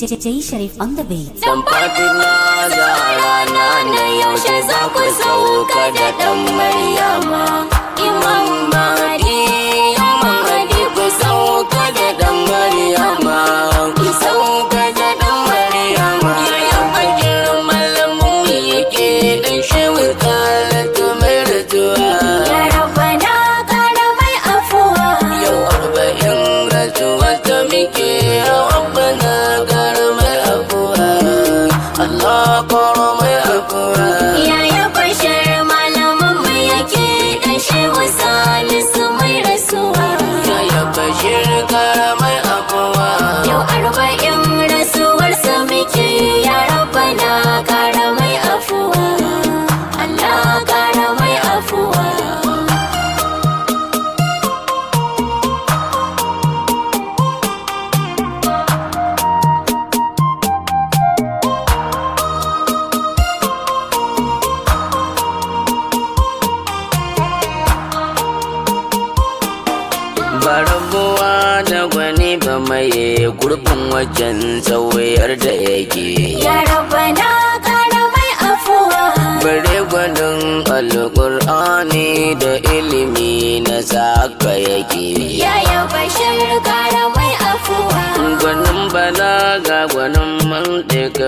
Jai Sharif on the beat. Dan Fatima Zahra na na yaushe za ku sauka da ɗan Maryama. Imam Mahdi.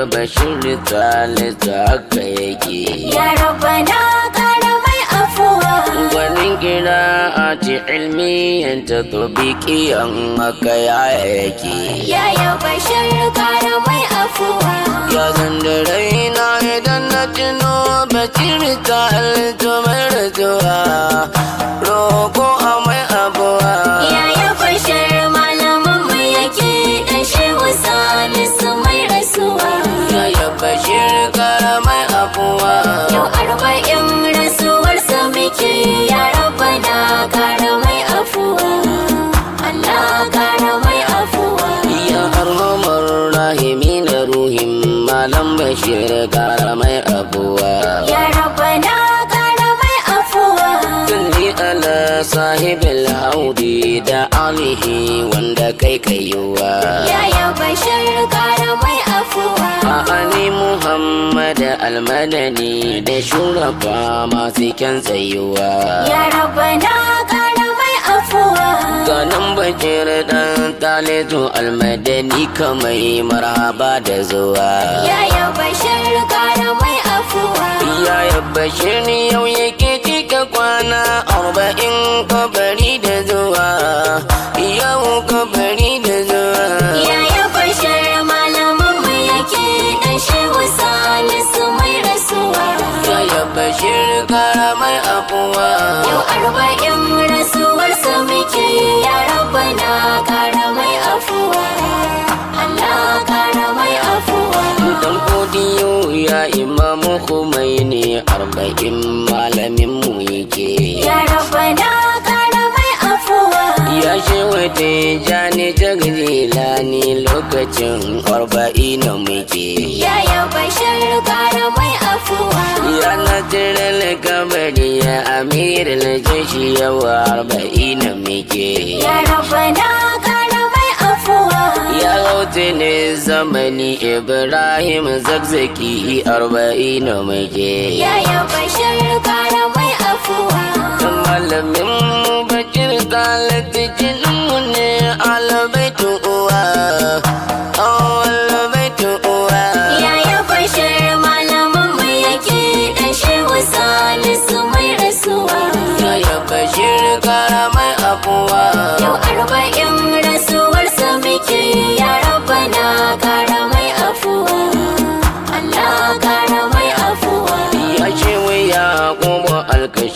bashir talita haka yake ya rabbana kara mai afuwa gwanin kira a ci ilmi yan ta tobi kiyan haka ya yake ya ya bashir kara mai afuwa ya zan da raina idan na tuno bashir talita kai kara mai abuwa ya rabbana kara mai afuwa salli ala sahibul haudi da alihi wanda kai kaiwa ya ya bashir kara mai afuwa a ali muhammad almadani da shurafa masu kyan tsayuwa ya rabbana kara mai afuwa ganin bakin ne to almadani kamar marhaba da zuwa yaya bashir kara mai afuwa yaya bashir ni yau yake cika kwana arba'in kaba ya imamu Khomeini arba'in malamin mu yake ya rabbana mai afuwa ya shewa tijani ni lokacin arba'in yake. ya ya bashir mai afuwa ya nadirar kabari ya amiral jashi yawa arba'in yake. ya rabbana ya gaute ne zamani ibrahim zagzaki arba'in muke yaya bashir kara mai afuwa malamin bakin kalatikin mu ne alabai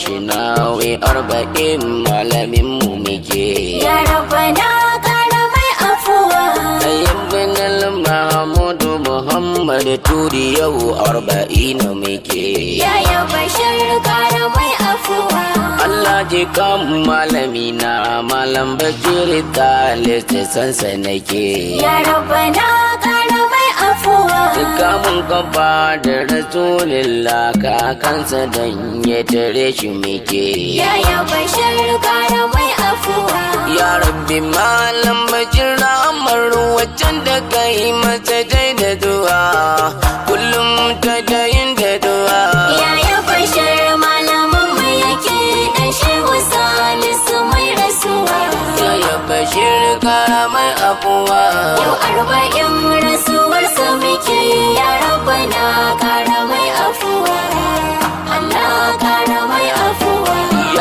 cinawi arba'in malamin mu muke ya rabbana kana mai afuwa ayyin binal mahmudu muhammad turi yau arba'in muke ya ya bashar kana mai afuwa Allah ji kam malami na malam bakir ta lissa sansa nake ya rabbana duka mun gaba da rasulillah kansa don ya tare shi muke yaya bashar kara mai afuwa ya rabbi malam bashir ramar wajen da ka yi mata dai da zuwa. kullum ta dayin da duwa yaya bashar malamin mai yake da shehu wasa nisa mai rasuwa yaya bashir kara mai afuwa yau arba'in Allah kara mai afuwa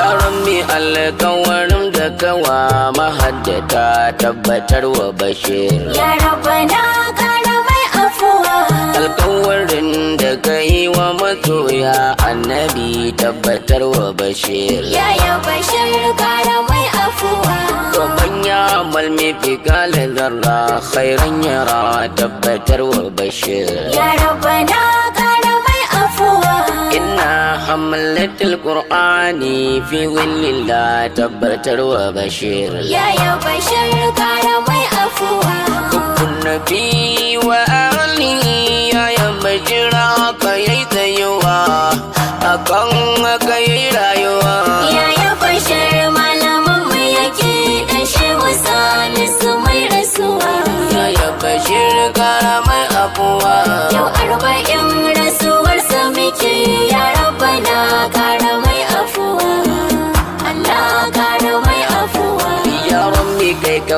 alkawarin da kawa mahaddata tabbatar wa bashir ya na kara mai afuwa alkawarin da ka yi wa masoya annabi tabbatar wa bashir ya ya bashir kara mai afuwa babanya mal mai fi galin zarra khairan tabbatar wa bashir ya rabana kana mai afuwa inna hamlatul qur'ani fi wallilla tabbatar wa bashir ya ya bashir kana mai afuwa kun nabi wa ali ya ya majira kayi tayuwa akan kayi rayuwa ya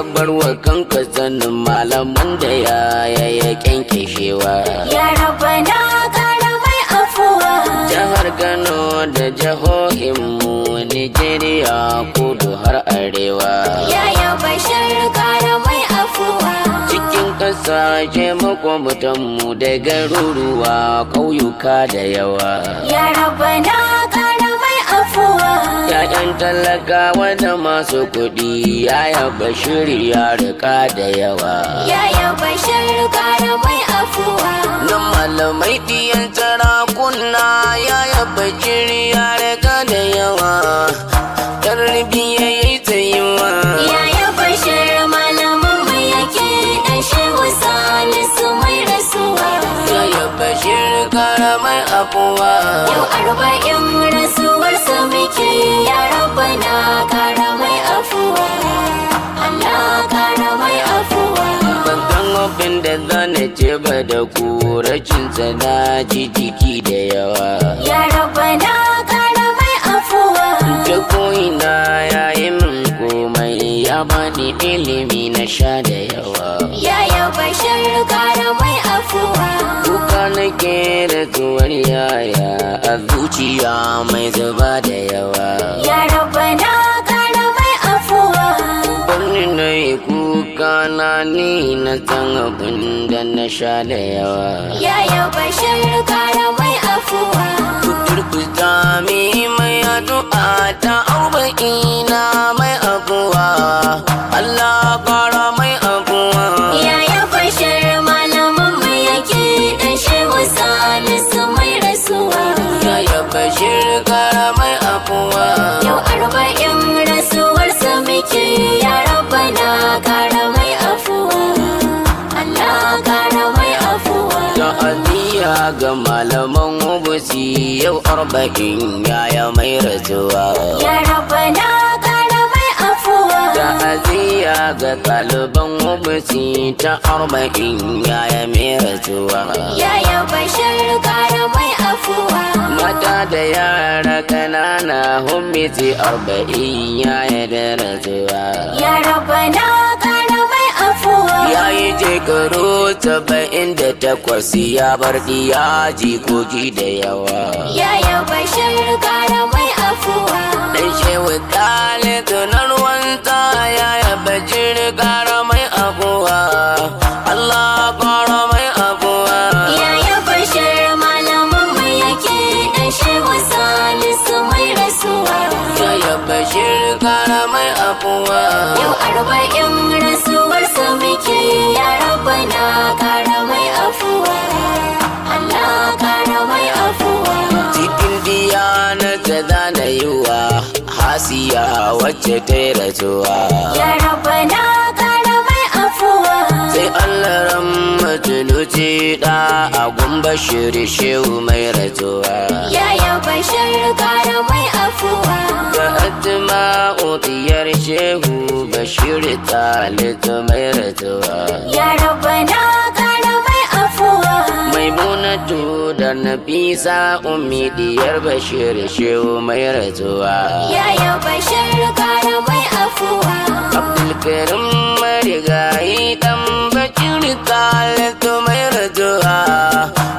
bar wa kanka sanin malaman da yaya ya shewa. ya raba na kara mai afuwa jihar kano da jihohin mu nigeria kudu har arewa yaya bashir kara mai afuwa cikin kasashe mu da garuruwa ƙauyuka da yawa ya raba na kara 'ya'yan talaka da masu kuɗi yaya bashir ya rika da yawa yaya bashir kara mai afuwa na malamai diyan tarakunna yaya bashir ya rika da yawa tarbiyya ya yi ta yi wa yaya bashir malamin mai yake dan shehu sani su mai rasuwa yaya bashir kara mai afuwa yau arba'in zane ce ba da korashinsa na ji jiki da yawa ya raba na kara mai afuwa Da ko'ina ya yi min komai ya bani ilimi na sha da yawa ya yaba shar kara mai afuwa kuka na da tuwar yaya a zuciya mai zuba da yawa ya raba na kara mai afuwa kuka na ni na san abin da na sha da yawa ya yau bashir kara mai afuwa turkuta mi mai addu'a ta na mai afuwa Allah kara mai afuwa ya yau bashir malaman mai yake da shehu su mai rasuwa ya yau ba kara mai afuwa yau arba'in ga malaman ubusi yau arba'in yaya mai rasuwa. Ya na gara mai afuwa. Ta'aziyya ga taliban ubusi ta arba'in yaya mai rasuwa. Yaya bashir gara mai afuwa. Mata da yara ƙanana hun miti arba'in yaya da rasuwa. Ya rabbana je shekaru saba'in da takwas ya bar diya jikoki da yawa. Yaya bashir kara mai afuwa. Dan shewa kale tunar wanta yaya bashir kara mai afuwa. Allah kara mai afuwa. Yaya bashir malamin mai yake dan wasa salisu mai rasuwa. Yaya bashir kara mai afuwa. Yau arba'in asiya wacce ta yi rasuwa ya rabana kara mai afuwa sai allah ran matuluci da gumba shiri shehu mai rasuwa ya ya bashir kara mai afuwa ga atima utiyar shehu bashir talitu mai rasuwa ya rabana maimunatu da nafisa ummi diyar bashir shehu mai ratuwa yaya bashir kara mai afuwa abdulkarim yi dan ta talatu mai ratuwa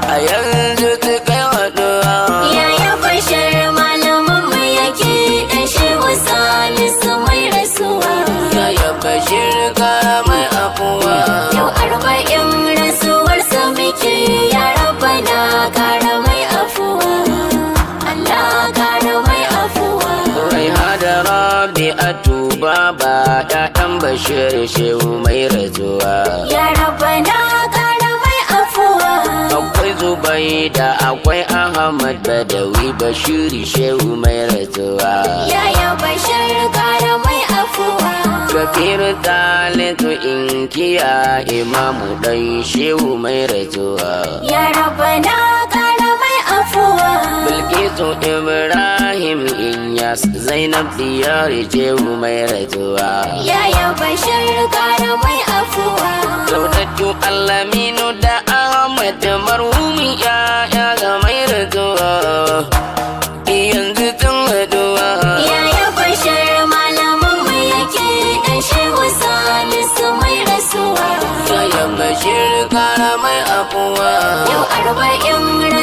a yanzu ta kai waduwa yaya bashir malamin mai yake dan shehu salisu mai rasuwa yaya bashir kara mai afuwa yau arba'in A ba baba ɗan bashir shehu mai rajuwa ya ƙara mai afuwa akwai zubai da akwai ahmad badawi bashir shehu mai rajuwa ya ya bashir mai afuwa kafir talitu inkiya imamu ɗan shehu mai rajuwa ya na karamai kowa Bilkisu Ibrahim Inyas Zainab Diyari Jehu mai ratuwa Yaya Bashir Kano mai afuwa Saudatu Alaminu da Ahmad da Marhumi ya'ya ga mai ratuwa Yanzu tun haduwa Yaya Bashir malamin mai yake dan shehu sani su mai rasuwa Yaya Bashir Kano mai afuwa Yau arba'in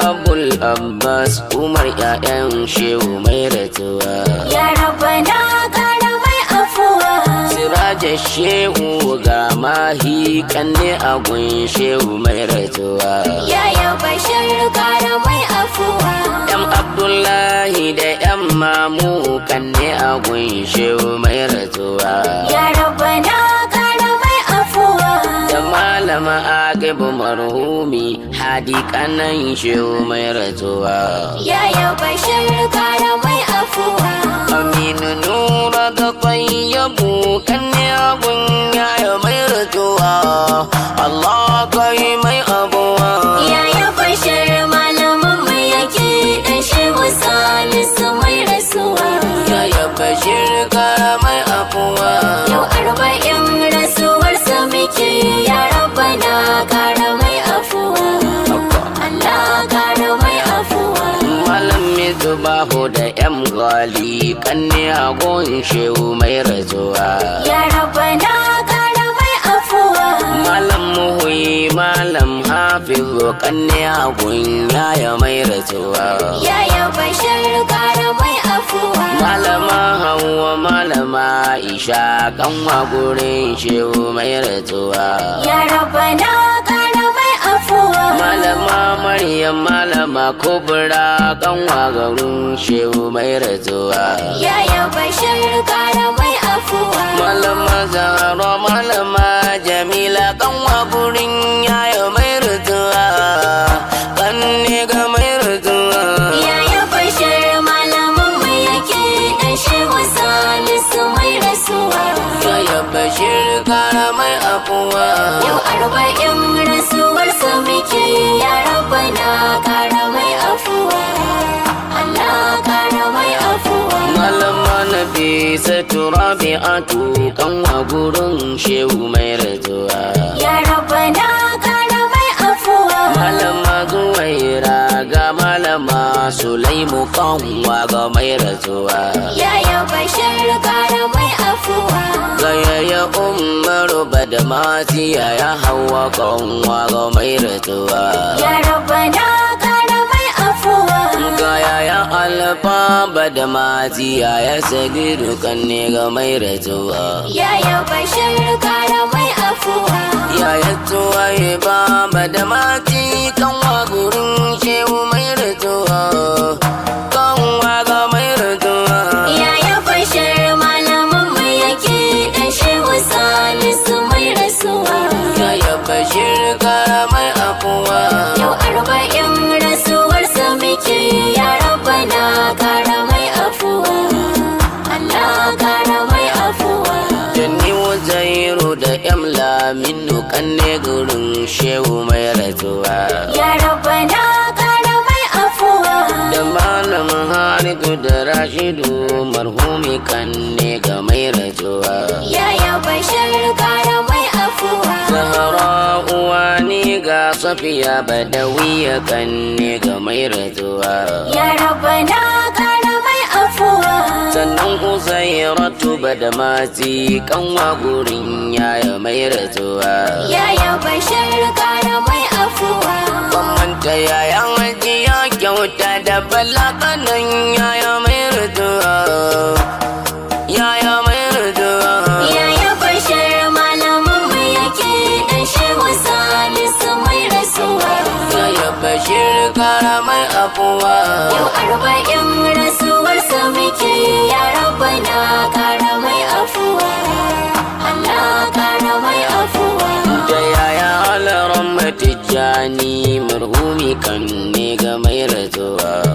abul abbas umar ya'yan shehu mai ratuwa ya rabbana kara mai afuwa siraje shehu ga mahi kanne agun shehu mai ratuwa ya ya bashir mai afuwa yan abdullahi da yan mamu kanne agun shehu mai ratuwa ya rabbana malama aqibu marhumi hadi kanan shehu mai ratuwa Ya yaya bashir kara mai afuwa aminu nura ga kwan yabo kan ne abun ya yaya mai ratuwa allah kai mai abuwa Ya yaya bashir Shehu da ‘yan gwali ne a gun Shehu mai razuwa. Ya raba na kara mai afuwa. Malam muhuyi malam hafizu ne a gun yaya mai razuwa. Yaya bashir kara mai afuwa. Malama hawa malama isha kan wa gurin Shehu mai razuwa. Ya raba na kara malama maryam malama kubra kanwa garin shehu mai razuwa yaya bashir karamai mai afuwa malama zahra malama bi Turabi'atu kan wa gurin shehu mai rajuwa. Ya rabana kana mai afuwa. Malama Zuwaira ga malama Sulaimu kan wa ga mai rajuwa. Ya ya bashir kana mai afuwa. Gayaya Umaru Badamasi ya ya hawa kan wa ga mai rajuwa. Ya rabana kana hamza yaya alfa da ya yaya sagi dukan ne ga mai rajuwa yaya bashir kara mai afuwa yaya ba ba da maji kan wa gurin shehu mai rajuwa dan salisu yau arba'in rasu muke ya rabbana kara mai afuwa Allah kara mai afuwa Janni wajairu da yamla min dukan ne gurin shehu mai ratuwa Ya rabbana kara mai afuwa Da malam haridu da rashidu marhumi kan ne ga mai ratuwa Ya ya bashir kara mai afuwa Zahara safiya badawiya kan ne ga mai razuwa. ya rabbana kana mai afuwa sannan uzairatu kan kanwa gurin yaya mai Ya yaya bashir kana mai afuwa kwamanta yaya majiya kyauta da balakanan yaya mai razuwa. kowa yau arba'in rasuwar su muke ya rabba na kara mai afuwa Allah kara mai afuwa da yaya alaran matijani marhumi kan ne ga mai razuwa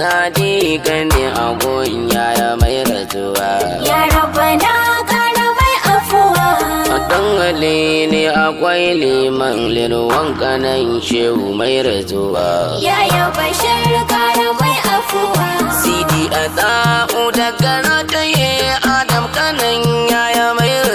sadi gani agun yara mai rasuwa Ya bana kana mai afuwa a dangali ne akwai liman lirwan kanan shehu mai rasuwa Ya bashir kana mai afuwa sidi a tsa'u daga rataye adam kanan yaya mai rasuwa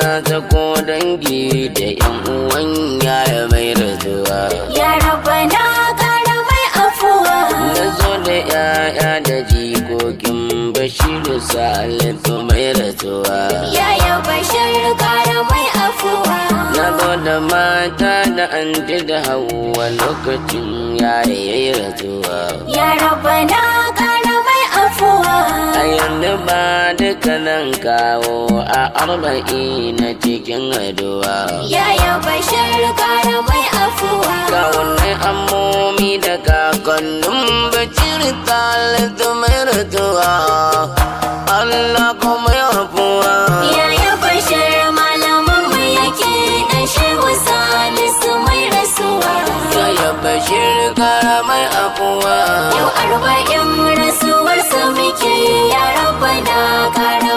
na ta ko dangi da yan uwan yaya mai rasuwa, ya raba na kara mai afuwa na zo da yaya da jikokin bashiru alifu mai rasuwa, yaya bashir kara mai afuwa na zo da mata da an ji da hawa lokacin yaya ya yi rajuwa ya raba na kara yanzu ba dukkanin kawo a arba'i na cikin aduwa. Yaya bashar kara mai afuwa. Kawunni ammomi da kakannin bacir talitu mai rutuwa. Allah kuma ya afuwa. Yaya bashar malamin mai yake da shehu salisu mai rasuwa. Yaya bashir kara mai afuwa. Yau arba'in rasuwarsa muke yi. kara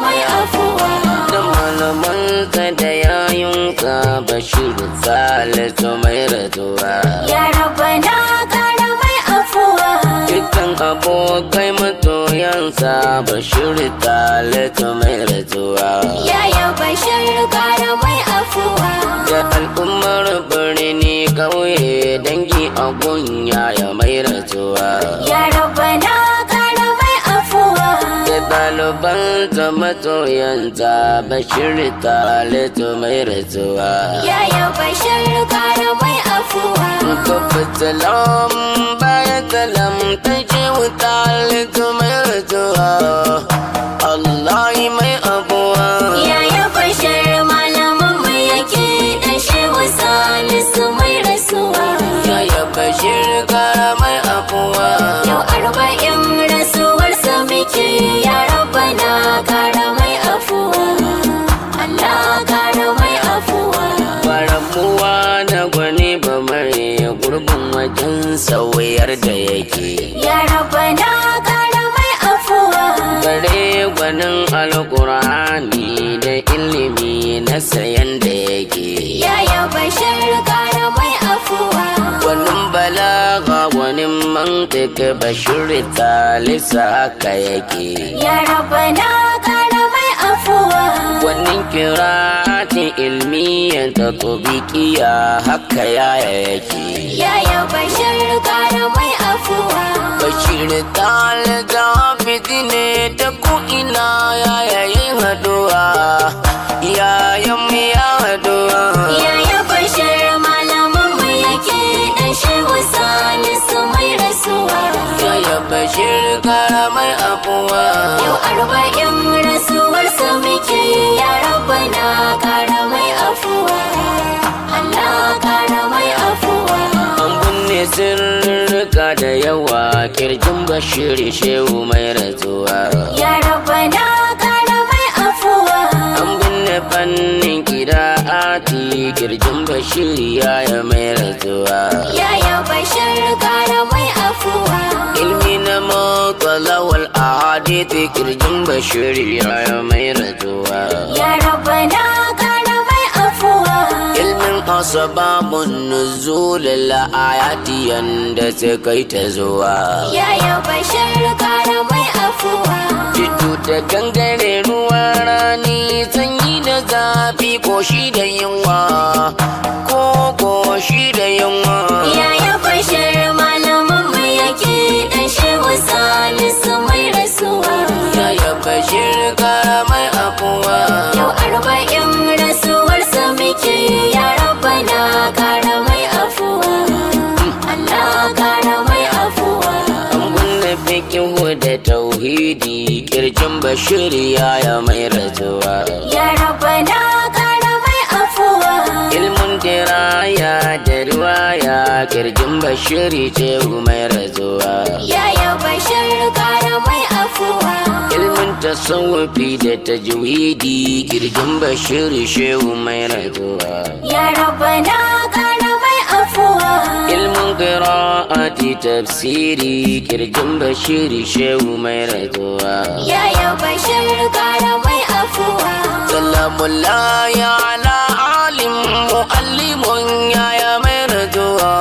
mai afuwa da malamanka bashir salatu mai ratuwa ya rabana kara mai afuwa dukkan abokai mutu kansa sunansa ta leto mai ratuwa yaya bashir kara mai afuwa ya al'ummar birni kauye dangi a gunya ya mai ratuwa ya rabana ta, matoyanta bashir leto mai rasuwa yaya bashir kare mai afuwa ka fitalam bayan talam ta ce wuta leto mai rasuwa cikin sauyar da yake ya rabana na mai afuwa gare gwanin alkur'ani da ilimi na sayan da yake ya yaba shirka mai afuwa gwanin balaga gwanin mantika bashir talisa haka yake ya rabana na afuwa. wannan kira ilmi yanta ko bikiya haka yaya yake yaya bashir kara mai afuwa bashir ta mai abuwa yau arba'in rasuwar su muke ya raba na kara mai afuwa Allah kara mai afuwa an kunne sirrika da yawa kirjin bashiri shehu mai rantsuwa ya raba na kara mai afuwa an kunne fannin salati kirjin bashir yaya mai rasuwa yaya bashir gara mai afuwa ilmi na mawtalawal ahaditi kirjin bashir yaya mai rasuwa ya raba na gara mai afuwa ilmin asbabun nuzul la la'ayati yadda ta kai ta zuwa yaya bashir afuwa Fito da gangare ruwa rani sanyi da zafi koshi da yunwa ko koshi da yunwa. Yaya kwashar malaman mu yake dan shehu salisu mai rasuwa. Yaya kwashar tauhidi kirjin bashir ya ya mai ratuwa ya raba na kara mai afuwa ilmin diraya da riwaya kirjin bashir ce mai ratuwa ya ya bashir kara mai afuwa ilmin tasawufi da tajwidi kirjin bashir shehu mai ratuwa ya raba na kara qira'ati tafsiri kirjin bashiri shehu mai rajuwa ya ya bashir kara mai afuwa ya ala alim muallimun ya ya mai rajuwa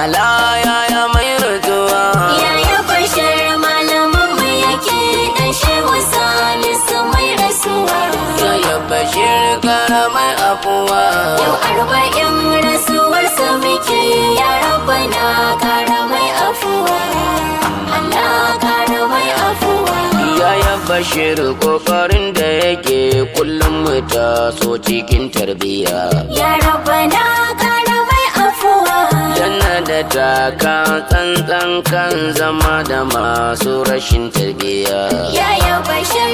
ala ya ya mai rajuwa ya ya bashir malamin mai yake dan shehu sani su mai rasuwa ya ya bashir kara mai afuwa yau arba'in Allah kara mai Bashir kokarin da yake kullum mu so cikin tarbiyya Ya rabana. da taka tsantsan kan zama da masu rashin tarbiyya ya yau bashir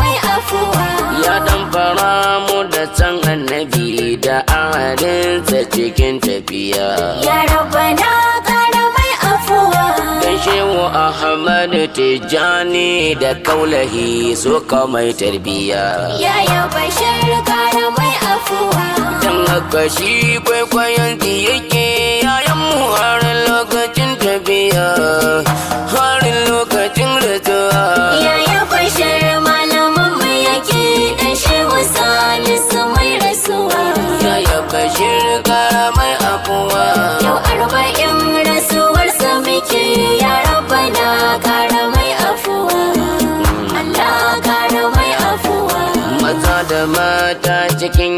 mai afuwa ya dan fara mu da can annabi da ahalinsa cikin tafiya ya na kara mai afuwa gaishe wa ahmad tijani da kaulahi suka mai tarbiyya ya yau bashir mai afuwa dan kwaikwayon yake ya mu harin lokacin tafiya harin lokacin rituwa yaya bashir malaman mai yake dan shehu salisu mai rasuwa yaya bashir kara mai afuwa yau arba'in rasuwar rasuwarsa muke ya rabana kara mai afuwa mm. Allah kara mai afuwa maza da mata cikin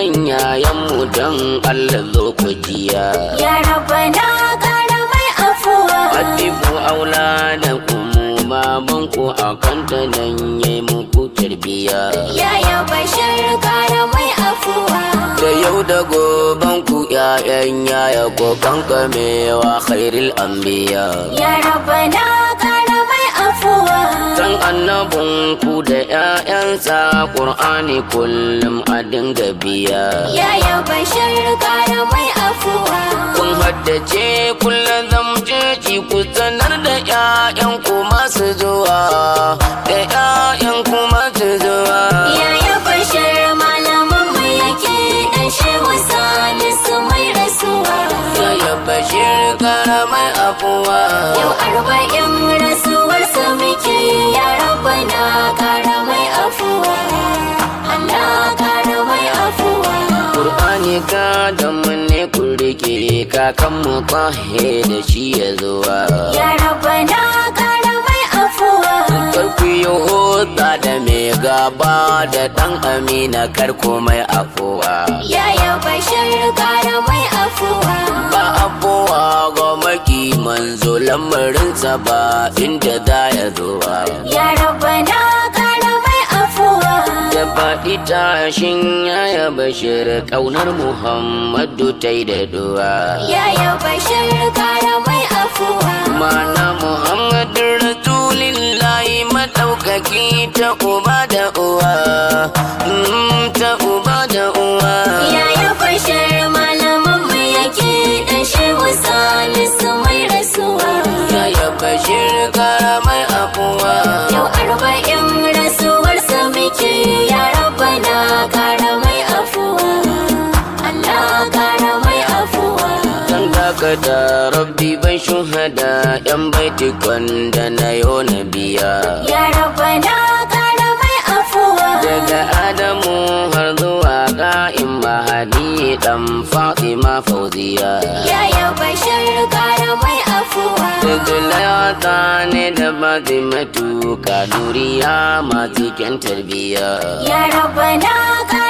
gidan yayanmu don Allah zo ku jiya. Ya rabana ƙara mai afuwa. Addibu aula da kuma baban ku a kanta nan ya muku tarbiya. Yaya bashar ƙara mai afuwa. Da yau da goban ku ‘ya'yan yi ko kankamewa khairul anbiya. Ya rabana ƙara san ku da 'ya'yansa ƙur'ani kullum a dinga biya yaya bashir kara mai afuwa kun haddace kullum zamjeji ku sanar da 'ya'yanku masu zuwa da 'ya'yanku masu zuwa yaya bashir malaman mu yake dan shehu sani su mai rasuwa yaya bashir kara mai afuwa yau arba'in ka mu ne ku rike kakan mu kwahe da shi ya zuwa ya rabba na kara mai afuwa karku yi hota da mai gaba da dan amina karko mai afuwa ya yaba shirka da mai afuwa ba afuwa ga maki manzo lamarinsa ba inda za ya zuwa ya rabba na da faɗi tashin ya bashir ƙaunar muhammadu ta yi da duwa yaya bashir kara mai afuwa mana muhammadu rasulillahi maɗaukaki ta uba da uwa mm, ta uba da uwa yaya bashir malaman mai yake da shehu salisu mai rasuwa yaya bashir kara mai afuwa kada rabbi ban shuhada yan baiti kwanda na yau na biya ya na kada mai afuwa daga adamu har zuwa ka'in hadi dan fatima fauziya ya ya bashir kada mai afuwa daga layata ne da ba matuka duriya masu kyan tarbiya ya rabbana kana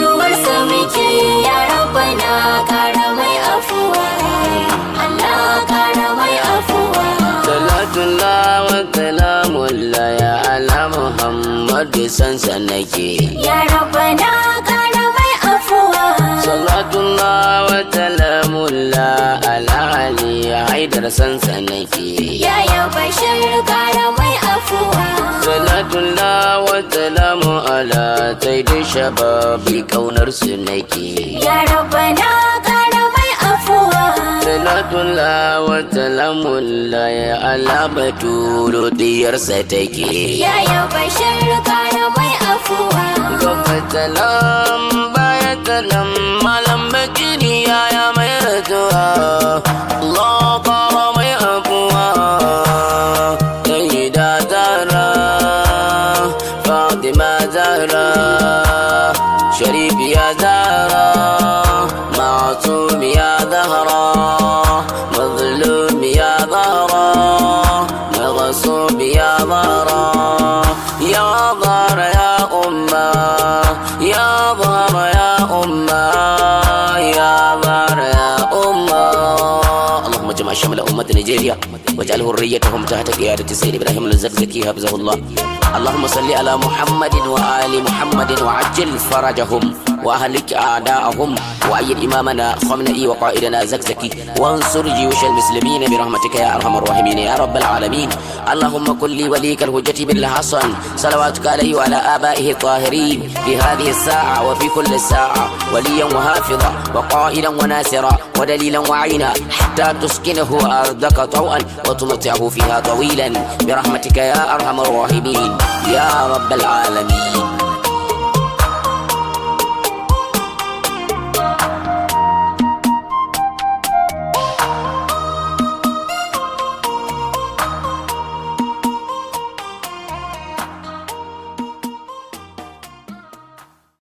kake ya rabba afuwa Allah kara ya muhammadu sansa nake ya rabba na kara mai afuwa salatullah wa kalamullah ala ali haidar sansa nake ya ya bashir kara mai afuwa salatullah wa salamu ala tayyib bi kaunar su nake ya na, kana mai afuwa salatullah wa la ya diyar sa take ya ya bashir kana mai afuwa gaba salam baya salam malam bakiri ya ya mai rasuwa Allah مضية واجعل هريتهم تحت قيادة سيد إبراهيم الزكزكي حفظه الله اللهم صل على محمد وآل محمد وعجل فرجهم وأهلك أعداءهم وأيد إمامنا خمنئي وقائدنا زكزكي وانصر جيوش المسلمين برحمتك يا أرحم الراحمين يا رب العالمين اللهم كن لي وليك الهجة بالحسن صلواتك عليه وعلى آبائه الطاهرين في هذه الساعة وفي كل ساعة وليا وحافظا وقائلا وناصرا ودليلا وعينا حتى تسكنه أرضك طوعا وتمتعه فيها طويلا برحمتك يا أرحم الراحمين يا رب العالمين